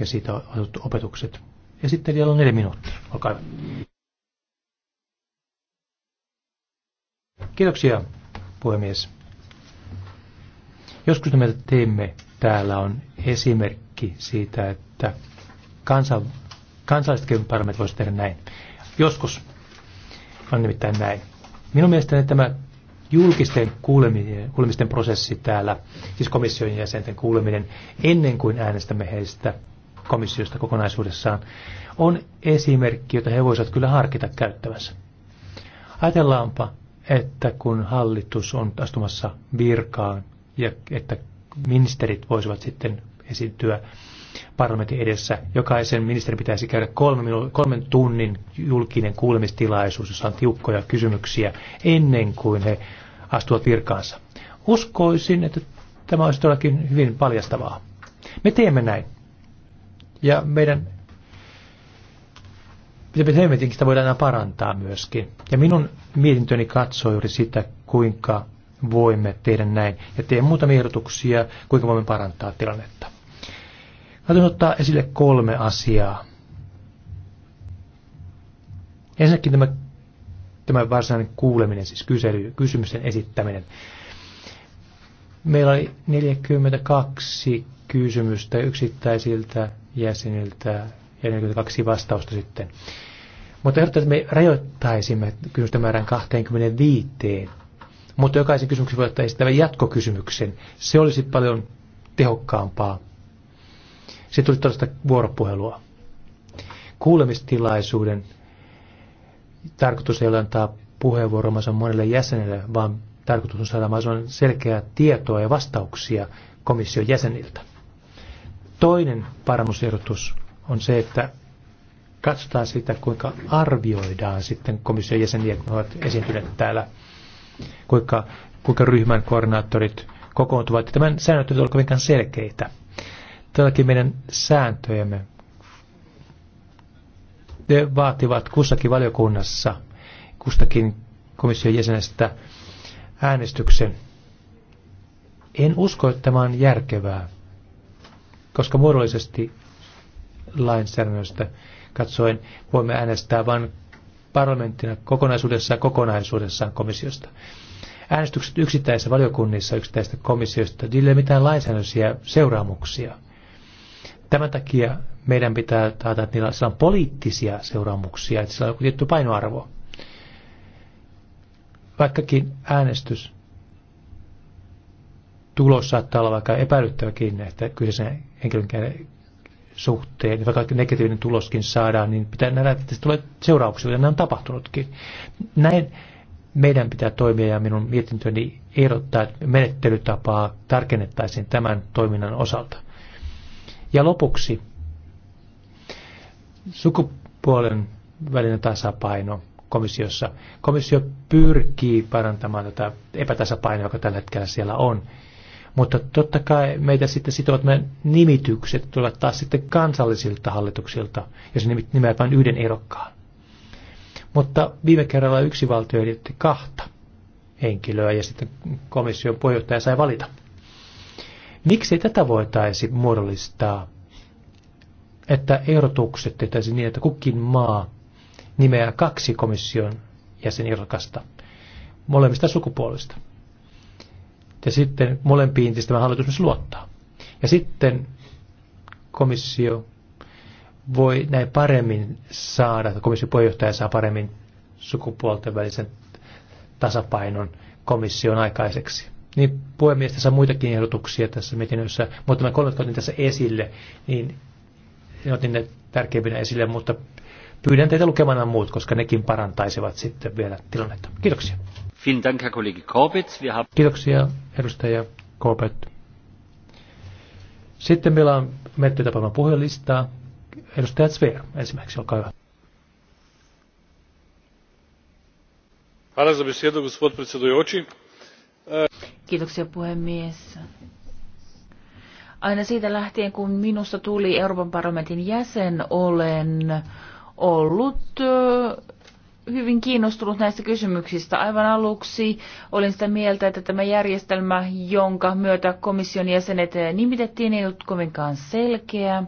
ja siitä otettu opetukset. Ja sitten vielä on neljä minuuttia. Olkaa hyvä. Kiitoksia, puhemies. Joskus me teemme täällä on esimerkki siitä, että kansa, kansalliset parlamentit voisivat tehdä näin. Joskus on nimittäin näin. Minun mielestäni tämä julkisten kuuleminen, kuulemisten prosessi täällä, siis komission jäsenten kuuleminen, ennen kuin äänestämme heistä, komissiosta kokonaisuudessaan, on esimerkki, jota he voisivat kyllä harkita käyttävänsä. Ajatellaanpa, että kun hallitus on astumassa virkaan ja että ministerit voisivat sitten esiintyä parlamentin edessä. Jokaisen ministerin pitäisi käydä kolmen, kolmen tunnin julkinen kuulemistilaisuus, jossa on tiukkoja kysymyksiä ennen kuin he astuvat virkaansa. Uskoisin, että tämä olisi todellakin hyvin paljastavaa. Me teemme näin. Ja meidän Hemmetinkin sitä voidaan aina parantaa myöskin. Ja minun mietintöni katsoo juuri sitä, kuinka voimme tehdä näin. Ja teen muutamia ehdotuksia, kuinka voimme parantaa tilannetta. Haluan ottaa esille kolme asiaa. Ensinnäkin tämä, tämä varsinainen kuuleminen, siis kysely, kysymysten esittäminen. Meillä oli 42 kysymystä yksittäisiltä jäseniltä ja 42 vastausta sitten. Mutta ehdottaa, että me rajoittaisimme kysymysten määrän 25, mutta jokaisen kysymyksen voi ottaa esittävän jatkokysymyksen. Se olisi paljon tehokkaampaa. Se tuli todellista vuoropuhelua. Kuulemistilaisuuden tarkoitus ei ole antaa puheenvuoromansa monelle jäsenelle, vaan tarkoitus on saada mahdollisimman selkeää tietoa ja vastauksia komission jäseniltä. Toinen parannusehdotus on se, että katsotaan sitä, kuinka arvioidaan sitten komission jäseniä, kun ovat esiintyneet täällä, kuinka, kuinka ryhmän koordinaattorit kokoontuvat. Tämän säännöt ovat kovinkaan selkeitä. Tälläkin meidän sääntöjämme ne vaativat kussakin valiokunnassa, kustakin komission jäsenestä äänestyksen. En usko, että tämä on järkevää koska muodollisesti lainsäädännöstä katsoen voimme äänestää vain parlamenttina kokonaisuudessaan kokonaisuudessaan komissiosta. Äänestykset yksittäisissä valiokunnissa yksittäisistä komissiosta, niillä ei ole mitään lainsäädännöllisiä seuraamuksia. Tämän takia meidän pitää taata, että niillä on poliittisia seuraamuksia, että sillä on joku tietty painoarvo. Vaikkakin äänestys tulos saattaa olla vaikka epäilyttäväkin, että kyseisen henkilön suhteen, niin vaikka negatiivinen tuloskin saadaan, niin pitää nähdä, että se tulee seurauksia, mitä on tapahtunutkin. Näin meidän pitää toimia ja minun mietintöni ehdottaa, että menettelytapaa tarkennettaisiin tämän toiminnan osalta. Ja lopuksi sukupuolen välinen tasapaino komissiossa. Komissio pyrkii parantamaan tätä epätasapainoa, joka tällä hetkellä siellä on. Mutta totta kai meitä sitten sitovat meidän nimitykset tulevat taas sitten kansallisilta hallituksilta, jos nimeät vain yhden erokkaan. Mutta viime kerralla yksi valtio edetti kahta henkilöä ja sitten komission puheenjohtaja sai valita. Miksi tätä voitaisi muodollistaa, että ehdotukset tehtäisiin niin, että kukin maa nimeää kaksi komission jäsenirokasta molemmista sukupuolista? Ja sitten molempiin siis tämä hallitus myös luottaa. Ja sitten komissio voi näin paremmin saada, komission puheenjohtaja saa paremmin sukupuolten välisen tasapainon komission aikaiseksi. Niin puhemies, tässä on muitakin ehdotuksia tässä mietinnössä, mutta mä kolme otin tässä esille, niin otin ne tärkeimpinä esille, mutta pyydän teitä lukemaan nämä muut, koska nekin parantaisivat sitten vielä tilannetta. Kiitoksia. Kiitoksia, edustaja Corbett. Sitten meillä on Metti Tapaman puheenlistaa. Edustaja Zver esimerkiksi, olkaa hyvä. Kiitoksia puhemies. Aina siitä lähtien, kun minusta tuli Euroopan parlamentin jäsen, olen ollut hyvin kiinnostunut näistä kysymyksistä. Aivan aluksi olin sitä mieltä, että tämä järjestelmä, jonka myötä komission jäsenet nimitettiin, ei ollut kovinkaan selkeä.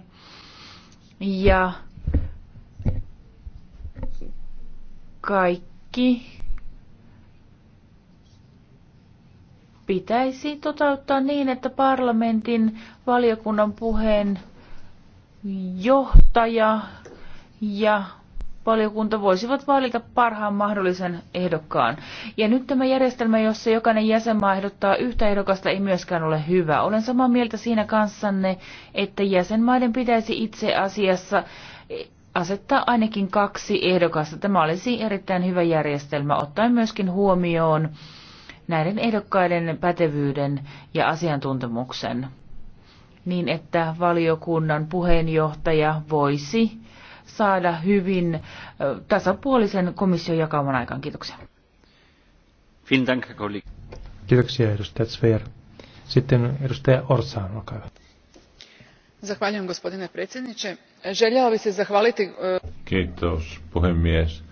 Ja kaikki pitäisi toteuttaa niin, että parlamentin valiokunnan puheen johtaja ja valiokunta voisivat valita parhaan mahdollisen ehdokkaan. Ja nyt tämä järjestelmä, jossa jokainen jäsenmaa ehdottaa yhtä ehdokasta, ei myöskään ole hyvä. Olen samaa mieltä siinä kanssanne, että jäsenmaiden pitäisi itse asiassa e, asettaa ainakin kaksi ehdokasta. Tämä olisi erittäin hyvä järjestelmä, ottaen myöskin huomioon näiden ehdokkaiden pätevyyden ja asiantuntemuksen, niin että valiokunnan puheenjohtaja voisi saada hyvin tasapuolisen komission jakaman aikaan. Kiitoksia. Kiitoksia edustaja Sveer. Sitten edustaja Orsaan, olkaa hyvä. Zahvaljujem gospodine predsjedniče. Željela bi se zahvaliti... E, Kiitos puhemies.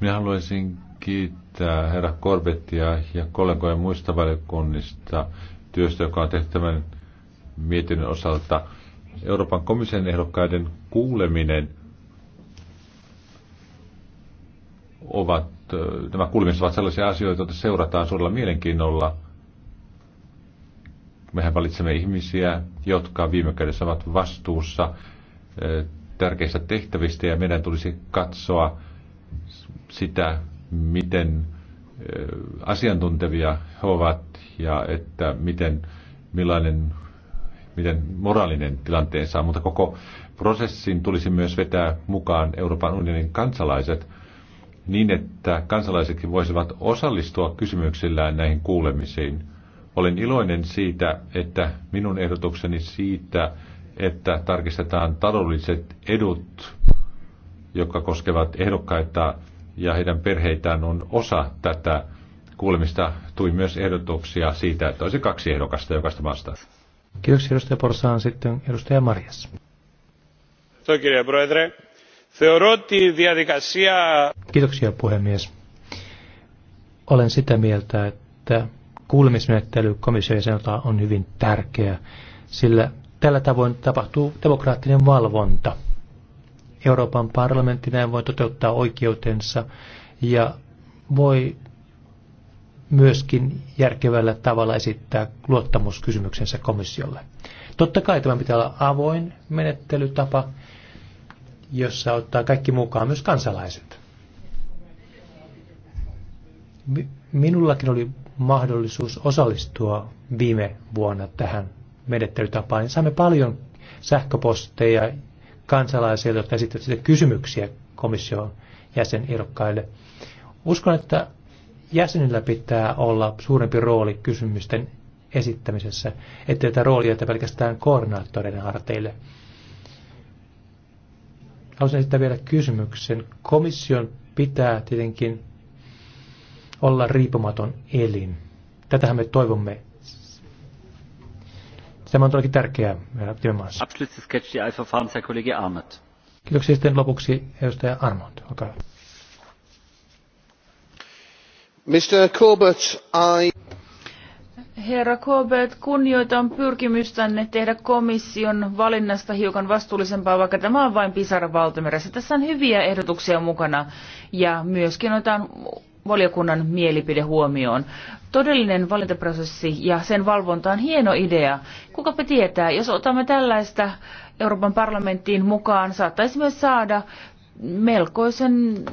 Minä haluaisin kiittää herra Korbettia ja kollegoja muista valiokunnista työstä, joka on tehty tämän mietinnön osalta. Euroopan komission ehdokkaiden kuuleminen ovat, nämä kulmissa ovat sellaisia asioita, joita seurataan suurella mielenkiinnolla. Mehän valitsemme ihmisiä, jotka viime kädessä ovat vastuussa tärkeistä tehtävistä ja meidän tulisi katsoa sitä, miten asiantuntevia he ovat ja että miten, millainen, miten moraalinen tilanteensa on. Mutta koko prosessin tulisi myös vetää mukaan Euroopan unionin kansalaiset – niin, että kansalaisetkin voisivat osallistua kysymyksillään näihin kuulemisiin. Olen iloinen siitä, että minun ehdotukseni siitä, että tarkistetaan taloudelliset edut, jotka koskevat ehdokkaita ja heidän perheitään, on osa tätä kuulemista. Tui myös ehdotuksia siitä, että olisi kaksi ehdokasta jokaista maasta. Kiitoksia edustaja Porsaan. Sitten edustaja Marjas. kirja, Θεωρώ διαδικασία... Kiitoksia puhemies. Olen sitä mieltä, että kuulemismenettely komission jäseneltä on hyvin tärkeä, sillä tällä tavoin tapahtuu demokraattinen valvonta. Euroopan parlamentti näin voi toteuttaa oikeutensa ja voi myöskin järkevällä tavalla esittää luottamuskysymyksensä komissiolle. Totta kai tämä pitää olla avoin menettelytapa, jossa ottaa kaikki mukaan myös kansalaiset. Minullakin oli mahdollisuus osallistua viime vuonna tähän menettelytapaan. Niin saimme paljon sähköposteja kansalaisilta, jotka esittävät kysymyksiä komission jäsenirokkaille. Uskon, että jäsenillä pitää olla suurempi rooli kysymysten esittämisessä, ettei tätä roolia pelkästään koordinaattoreiden harteille. Haluaisin esittää vielä kysymyksen. Komission pitää tietenkin olla riippumaton elin. Tätähän me toivomme. Tämä on todellakin tärkeää meillä työmaassa. Kiitoksia sitten lopuksi edustaja Armand. Olkaa hyvä. Mr. Corbett, I... Herra Kobet, kunnioitan pyrkimystänne tehdä komission valinnasta hiukan vastuullisempaa, vaikka tämä on vain pisara valtameressä. Tässä on hyviä ehdotuksia mukana ja myöskin otan valiokunnan mielipide huomioon. Todellinen valintaprosessi ja sen valvonta on hieno idea. Kuka tietää, jos otamme tällaista Euroopan parlamenttiin mukaan, saattaisimme saada melkoisen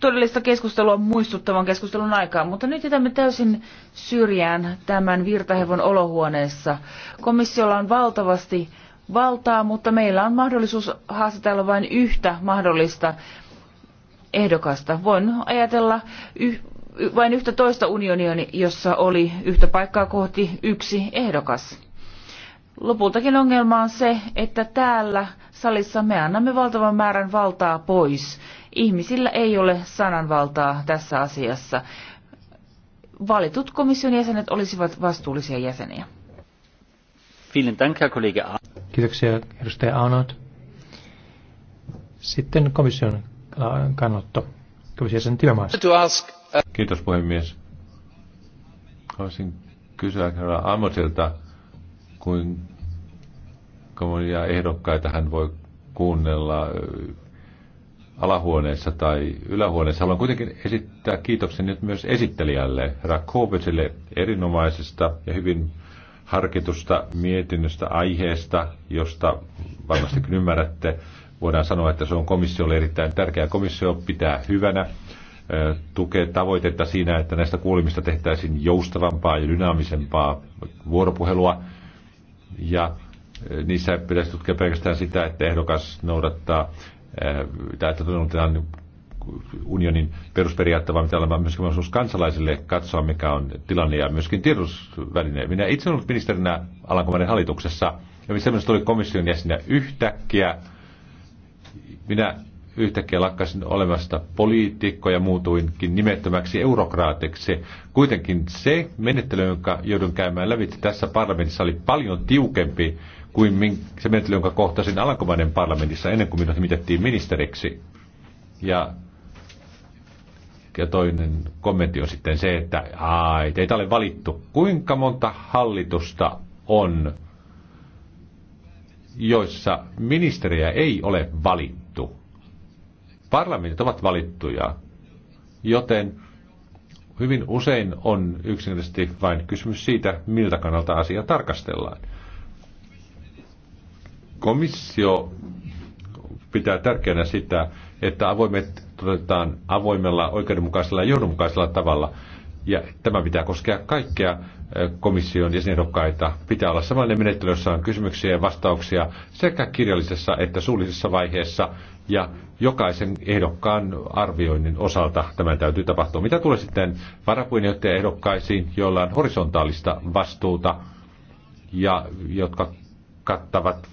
todellista keskustelua muistuttavan keskustelun aikaa, mutta nyt jätämme täysin syrjään tämän virtahevon olohuoneessa. Komissiolla on valtavasti valtaa, mutta meillä on mahdollisuus haastatella vain yhtä mahdollista ehdokasta. Voin ajatella yh- vain yhtä toista unionia, jossa oli yhtä paikkaa kohti yksi ehdokas. Lopultakin ongelma on se, että täällä salissa me annamme valtavan määrän valtaa pois Ihmisillä ei ole sananvaltaa tässä asiassa. Valitut komission jäsenet olisivat vastuullisia jäseniä. Kiitoksia, edustaja Arnold. Sitten komission äh, kannotto. Komission uh, Kiitos puhemies. Haluaisin kysyä herra Amosilta, kuinka monia ehdokkaita hän voi kuunnella alahuoneessa tai ylähuoneessa. Haluan kuitenkin esittää kiitoksen nyt myös esittelijälle Rakovicille erinomaisesta ja hyvin harkitusta mietinnöstä aiheesta, josta varmastikin ymmärrätte. Voidaan sanoa, että se on komissiolle erittäin tärkeä. Komissio pitää hyvänä tukee tavoitetta siinä, että näistä kuulimista tehtäisiin joustavampaa ja dynaamisempaa vuoropuhelua. Ja niissä pitäisi tutkia pelkästään sitä, että ehdokas noudattaa Äh, että tunnutetaan unionin perusperiaatteita, vaan pitää olla myöskin mahdollisuus kansalaisille katsoa, mikä on tilanne ja myöskin tiedotusväline. Minä itse olen ollut ministerinä Alankomainen hallituksessa, ja missä minusta oli komission jäsenä yhtäkkiä. Minä yhtäkkiä lakkasin olemasta poliitikko ja muutuinkin nimettömäksi eurokraatiksi. Kuitenkin se menettely, jonka joudun käymään lävitse tässä parlamentissa, oli paljon tiukempi kuin se menettely, jonka kohtasin Alankomaiden parlamentissa ennen kuin minut nimitettiin ministeriksi. Ja, ja toinen kommentti on sitten se, että ai, teitä ole valittu. Kuinka monta hallitusta on, joissa ministeriä ei ole valittu? Parlamentit ovat valittuja, joten hyvin usein on yksinkertaisesti vain kysymys siitä, miltä kannalta asia tarkastellaan. Komissio pitää tärkeänä sitä, että avoimet toteutetaan avoimella, oikeudenmukaisella ja johdonmukaisella tavalla. Ja tämä pitää koskea kaikkea komission jäsenehdokkaita. Pitää olla samanlainen menettely, jossa on kysymyksiä ja vastauksia sekä kirjallisessa että suullisessa vaiheessa. Ja jokaisen ehdokkaan arvioinnin osalta tämä täytyy tapahtua. Mitä tulee sitten ehdokkaisiin, joilla on horisontaalista vastuuta ja jotka kattavat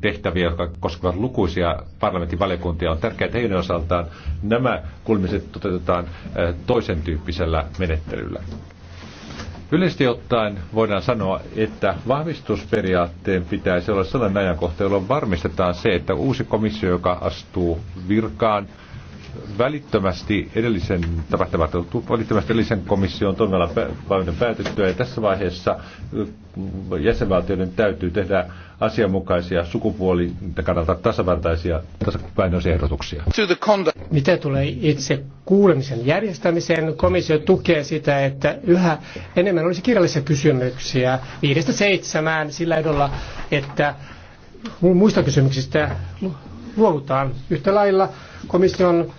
tehtäviä, jotka koskevat lukuisia parlamentin valiokuntia. On tärkeää, että heidän osaltaan nämä kulmiset toteutetaan eh, toisen tyyppisellä menettelyllä. Yleisesti ottaen voidaan sanoa, että vahvistusperiaatteen pitäisi olla sellainen ajankohta, jolloin varmistetaan se, että uusi komissio, joka astuu virkaan, välittömästi edellisen, välittömästi edellisen komission toimialan päätettyä ja tässä vaiheessa mm, jäsenvaltioiden täytyy tehdä asianmukaisia sukupuolin kannalta tasavertaisia tasapainoisia ehdotuksia. Mitä tulee itse kuulemisen järjestämiseen, komissio tukee sitä, että yhä enemmän olisi kirjallisia kysymyksiä viidestä seitsemään sillä edolla, että muista kysymyksistä luovutaan yhtä lailla komission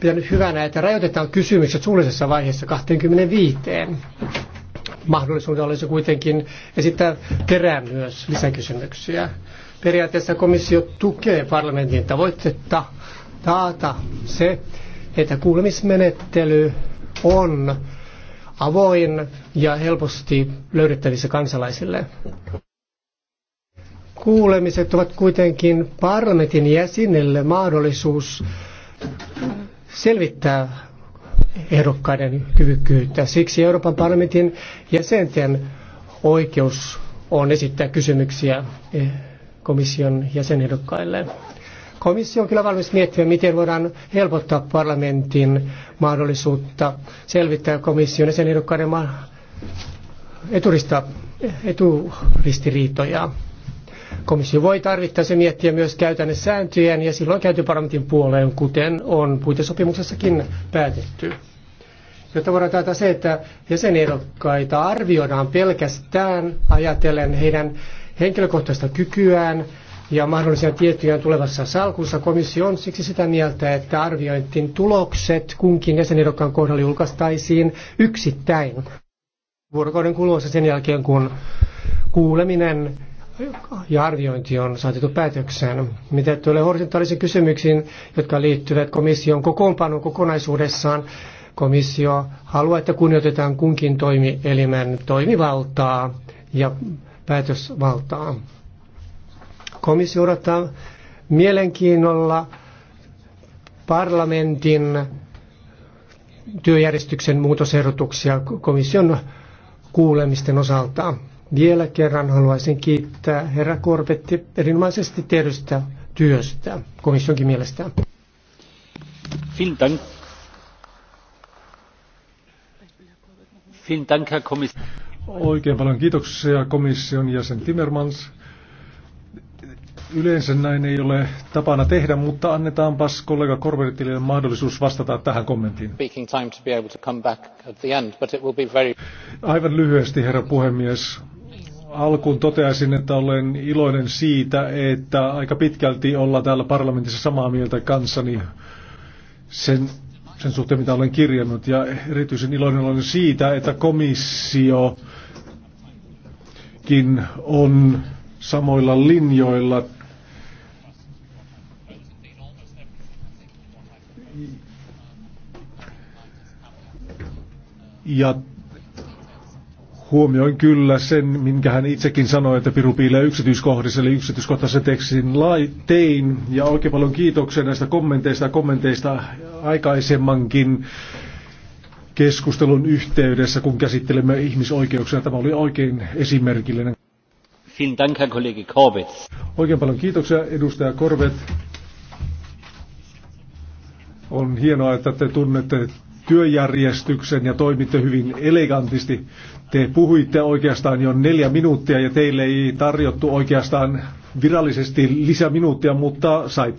pitänyt hyvänä, että rajoitetaan kysymykset suullisessa vaiheessa 25. Mahdollisuuden olisi kuitenkin esittää kerää myös lisäkysymyksiä. Periaatteessa komissio tukee parlamentin tavoitetta taata se, että kuulemismenettely on avoin ja helposti löydettävissä kansalaisille. Kuulemiset ovat kuitenkin parlamentin jäsenille mahdollisuus selvittää ehdokkaiden kyvykkyyttä. Siksi Euroopan parlamentin jäsenten oikeus on esittää kysymyksiä eh, komission jäsenehdokkaille. Komissio on kyllä valmis miettimään, miten voidaan helpottaa parlamentin mahdollisuutta selvittää komission jäsenehdokkaiden eturista, eturistiriitoja. Komissio voi tarvittaessa miettiä myös käytännön sääntöjen ja silloin käyty parlamentin puoleen, kuten on puitesopimuksessakin päätetty. Jotta voidaan taata se, että jäsenehdokkaita arvioidaan pelkästään ajatellen heidän henkilökohtaista kykyään ja mahdollisia tietoja tulevassa salkussa. Komissio on siksi sitä mieltä, että arviointin tulokset kunkin jäsenehdokkaan kohdalla julkaistaisiin yksittäin vuorokauden kuluessa sen jälkeen, kun kuuleminen ja arviointi on saatettu päätökseen. Mitä tulee horisontaalisiin kysymyksiin, jotka liittyvät komission kokoonpanoon kokonaisuudessaan, komissio haluaa, että kunnioitetaan kunkin toimielimen toimivaltaa ja päätösvaltaa. Komissio odottaa mielenkiinnolla parlamentin työjärjestyksen muutosehdotuksia komission kuulemisten osalta. Vielä kerran haluaisin kiittää herra Korpetti erinomaisesti tehdystä työstä komissionkin mielestä. Vielen Oikein paljon kiitoksia komission jäsen Timmermans. Yleensä näin ei ole tapana tehdä, mutta annetaanpas kollega Korvertille mahdollisuus vastata tähän kommenttiin. Aivan lyhyesti, herra puhemies alkuun toteaisin, että olen iloinen siitä, että aika pitkälti ollaan täällä parlamentissa samaa mieltä kanssani sen, sen suhteen, mitä olen kirjannut. Ja erityisen iloinen olen siitä, että komissiokin on samoilla linjoilla ja Huomioin kyllä sen, minkä hän itsekin sanoi, että Piru piilee yksityiskohdissa, eli yksityiskohtaisen tekstin laitein Ja oikein paljon kiitoksia näistä kommenteista ja kommenteista aikaisemmankin keskustelun yhteydessä, kun käsittelemme ihmisoikeuksia. Tämä oli oikein esimerkillinen. Dank, Herr Kollege Corbett. Oikein paljon kiitoksia, edustaja Corbett. On hienoa, että te tunnette työjärjestyksen ja toimitte hyvin elegantisti. Te puhuitte oikeastaan jo neljä minuuttia ja teille ei tarjottu oikeastaan virallisesti lisäminuuttia, mutta saitte